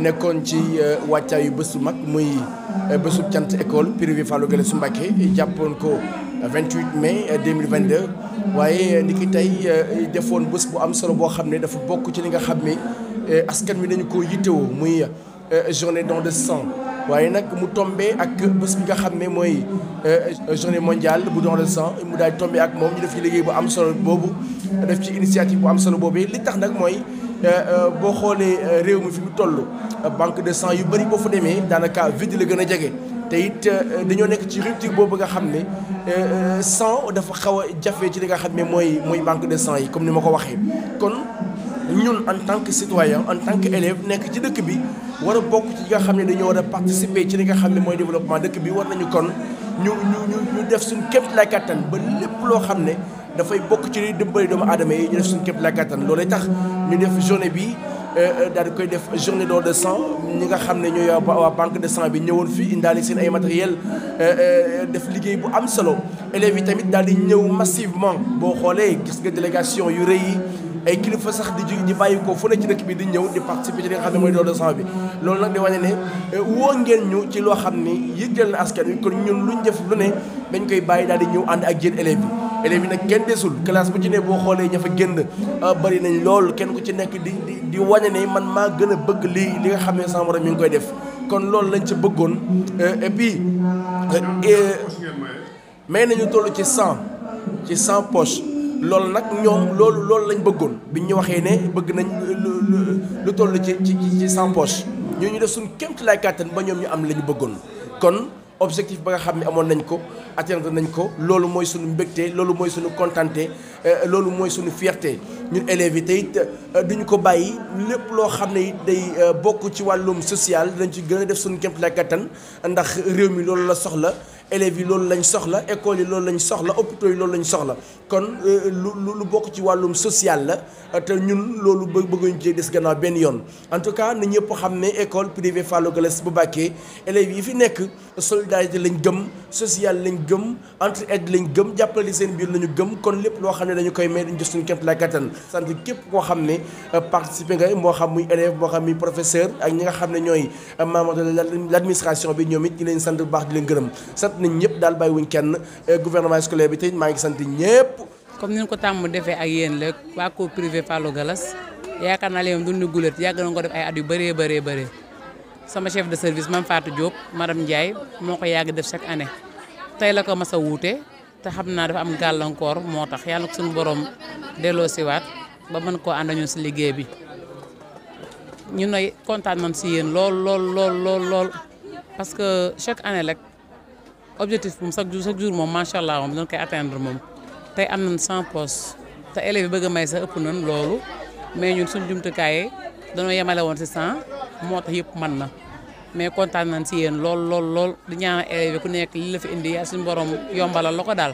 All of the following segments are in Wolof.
nekkoon ci euh, wàccaayu bésu mag muy euh, bésu cant école privée Fallou Galassou Mbacké jàppoon ko 28 mai 2022 euh, waaye ni ki tey defoon bés bu am solo boo xam ne dafa bokk ci li nga xam ne askan wi nañu ko yittewoo muy journée don de sang waaye nag mu tombé ak bës bi nga xam ne mooy journée mondiale bu don de sang mu daal tombé ak moom ñu def ci liggéey bu am solo boobu def ci initiative bu am solo boobu li tax nag mooy. Euh, euh, boo xoolee euh, réew mi fi mu toll banque de sang yu bëri boo fa demee daanaka vide la gën a jege te it dañoo nekk ci rupture boobu nga xam ne sang dafa xaw a jafe ci li nga xam ne mooy mooy banque de sang yi comme ni ma ko waxee kon ñun en tant que citoyen en tant que élève nekk ci dëkk bi war a bokk ci nga xam ne dañoo war a participer ci li nga xam ne mooy développement dëkk bi war nañu kon ñu ñu ñu def suñu képp lay kattan ba lépp loo xam ne dafay bokk ci liy dimbali doomu aadama yi ñu def suñu képp la kattan loolay tax ñu def journée bi euh, euh, daal di koy def journée don de sang ñi nga xam ne ñooy waa banque de sang bi ñëwoon fii indaale seen ay matériel euh, def liggéey bu am solo élèves yi tamit daal di ñëw massivement boo xoolee gis nga délégation yu rëy yi ay kilifa sax di di bàyyi ko fu ne ci dëkk bi di ñëw di participer ci li nga xam ne mooy don de sang bi loolu nag di wane ne woo ngeen ñu ci loo xam ni yëgal na askan wi kon ñun luñ def lu ne dañ koy bàyyi daal di ñëw ànd ak yéen élèves élèves yi nag kenn desul classe bu ci ne boo xoolee ña fa génn ah, bari nañ lool kenn ku ci nekk di di di wañe ne man maa gën a bëgg lii li nga xam ne sama morom mi ngi koy def kon loolu lañ ci bëggoon eh, et puis eh, eh, may nañu toll ci cent ci cent poche loolu nag ñoom loolu loolu lañ bëggoon bi ñu waxee ne bëgg nañ lu toll ci ci ci cent poche ñoo ñu def suñ kémtu lay kàttan ba ñoom ñu am la ñu bëggoon kon objectif ba nga xam ne amoon nañ ko atteindre nañ ko loolu mooy suñu mbégte loolu mooy suñu contenté euh, loolu mooy suñu fierté ñun élèves yi te it euh, duñu ko bàyyi lépp loo xam ne day euh, bokk ci wàllum social dañ ci gën a def suñu kéemtalaay kattan ndax réew mi loolu la soxla élèves yi loolu lañ soxla école yi loolu lañu soxla hôpitaux yi loolu lañ soxla kon euh, lu lu bokk ci wàllum social la te ñun loolu bëgg bëgguñu ci des gannaaw benn yoon en tout cas na ñëpp xam ne école privée Fallou Galass bu Mbacké élèves yi fi nekk solidarité lañ gëm social lañ gëm entraide lañ gëm jàppale seen biir lañu gëm kon lépp loo xam ne dañu koy may dañu jëf suñu képp laa kattan sant képp koo xam ne euh, participer nga moo xam muy élève moo xam muy professeur ak ñi nga xam ne ñooy euh, membre de l'administration bi ñoom it ñu leen sant bu baax di leen gërëm nañ ñëpp daal bàyyiwuñ kenn euh, gouvernement scolaire bi tey maa ngi sant ñëpp. comme ni ñu ko tàmm defee ak yéen la waa co privé Fallou Galas yaakaar naa leen dundu gulet yàgg na ko def ay at yu bëree bëree bëri sama chef de service Mame Fatou Diop madame Ndiaye moo ko yàgg def chaque année tey la ko mas a te xam naa dafa am gàllankoor moo tax yàlla ko suñu borom delloo siwaat ba mën koo àndañoo si liggéey bi. ñu ne kontaan nañ si yéen lool lool lool lool lool que chaque année rek objectif moom chaque jour chaque jour moom macha allah moom dañ koy atteindre moom te am na 100 postes te élèves yi bëgg a may sax ëpp loolu mais ñun suñu jumtukaay yi dañoo yemale woon si 100 moo tax yëpp man na mais kontaan nañ si yéen lool lool lool di ñaanal élèves ku nekk li la fi indi yaa suñu borom yombalal la ko daal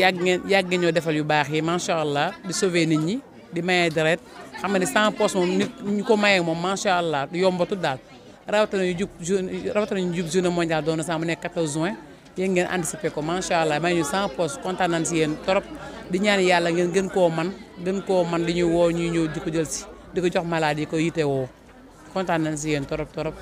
yàgg ngeen yàgg ñoo defal yu baax yi macha allah di sauver nit ñi di maye deret xam nga ne 100 moom nit ñu ko mayee moom macha allah du yombatu daal. rawatina ñu jub journée rawatina ñu jub journée mondiale doon na sax mu nekk 14 juin yéen ngeen anticiper ko macha allah may ñu sans poste kontaan si yéen trop di ñaan yàlla ngeen gën koo man gën koo man di ñuy woo ñuy ñëw di ko jël si di ko jox malade yi ko yite woo kontaan nañ si yéen trop trop.